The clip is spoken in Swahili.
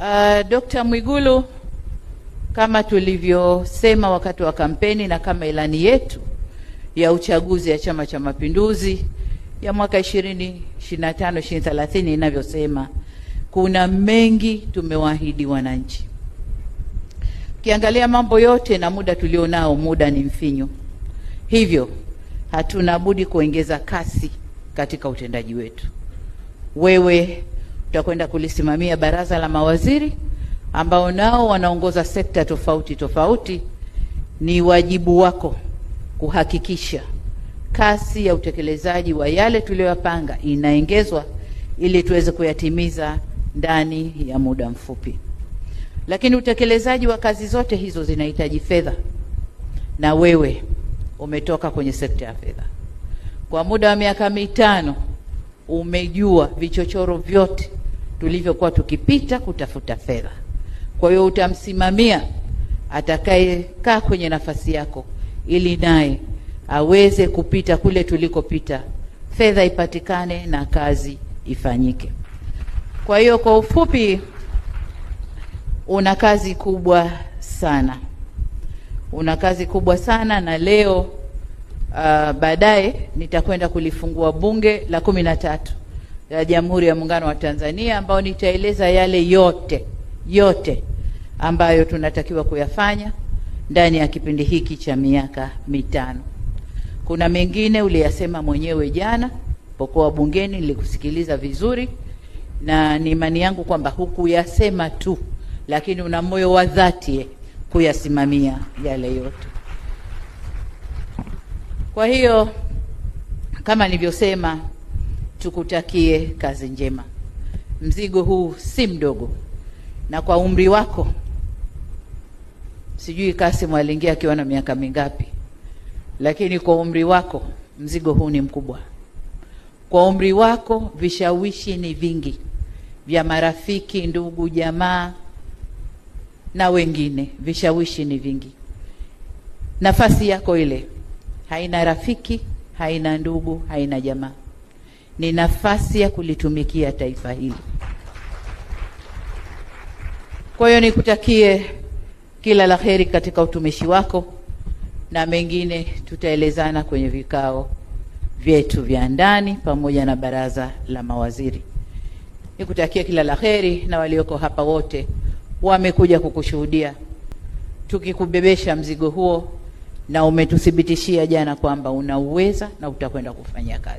Uh, Dr. Mwigulu kama tulivyosema wakati wa kampeni na kama ilani yetu ya uchaguzi ya Chama cha Mapinduzi ya mwaka 2025 2030 inavyosema, kuna mengi tumewaahidi wananchi. Ukiangalia mambo yote na muda tulionao, muda ni mfinyo, hivyo hatuna budi kuongeza kasi katika utendaji wetu. Wewe tutakwenda kulisimamia baraza la mawaziri ambao nao wanaongoza sekta tofauti tofauti. Ni wajibu wako kuhakikisha kasi ya utekelezaji wa yale tuliyoyapanga inaongezwa ili tuweze kuyatimiza ndani ya muda mfupi. Lakini utekelezaji wa kazi zote hizo zinahitaji fedha, na wewe umetoka kwenye sekta ya fedha kwa muda wa miaka mitano, umejua vichochoro vyote tulivyokuwa tukipita kutafuta fedha. Kwa hiyo utamsimamia atakayekaa kwenye nafasi yako, ili naye aweze kupita kule tulikopita, fedha ipatikane na kazi ifanyike. Kwa hiyo kwa ufupi, una kazi kubwa sana, una kazi kubwa sana na leo uh, baadaye nitakwenda kulifungua bunge la kumi na tatu ya Jamhuri ya Muungano wa Tanzania, ambao nitaeleza yale yote yote ambayo tunatakiwa kuyafanya ndani ya kipindi hiki cha miaka mitano. Kuna mengine uliyasema mwenyewe jana pokuwa bungeni, nilikusikiliza vizuri, na ni imani yangu kwamba hukuyasema tu, lakini una moyo wa dhati kuyasimamia yale yote. Kwa hiyo kama nilivyosema tukutakie kazi njema. Mzigo huu si mdogo, na kwa umri wako, sijui kasimu aliingia akiwa na miaka mingapi, lakini kwa umri wako mzigo huu ni mkubwa. Kwa umri wako vishawishi ni vingi vya marafiki, ndugu, jamaa na wengine, vishawishi ni vingi. Nafasi yako ile haina rafiki, haina ndugu, haina jamaa ni nafasi ya kulitumikia taifa hili. Kwa hiyo nikutakie kila la heri katika utumishi wako, na mengine tutaelezana kwenye vikao vyetu vya ndani pamoja na baraza la mawaziri. nikutakie kila la heri, na walioko hapa wote wamekuja kukushuhudia tukikubebesha mzigo huo, na umetuthibitishia jana kwamba unauweza na utakwenda kufanya kazi.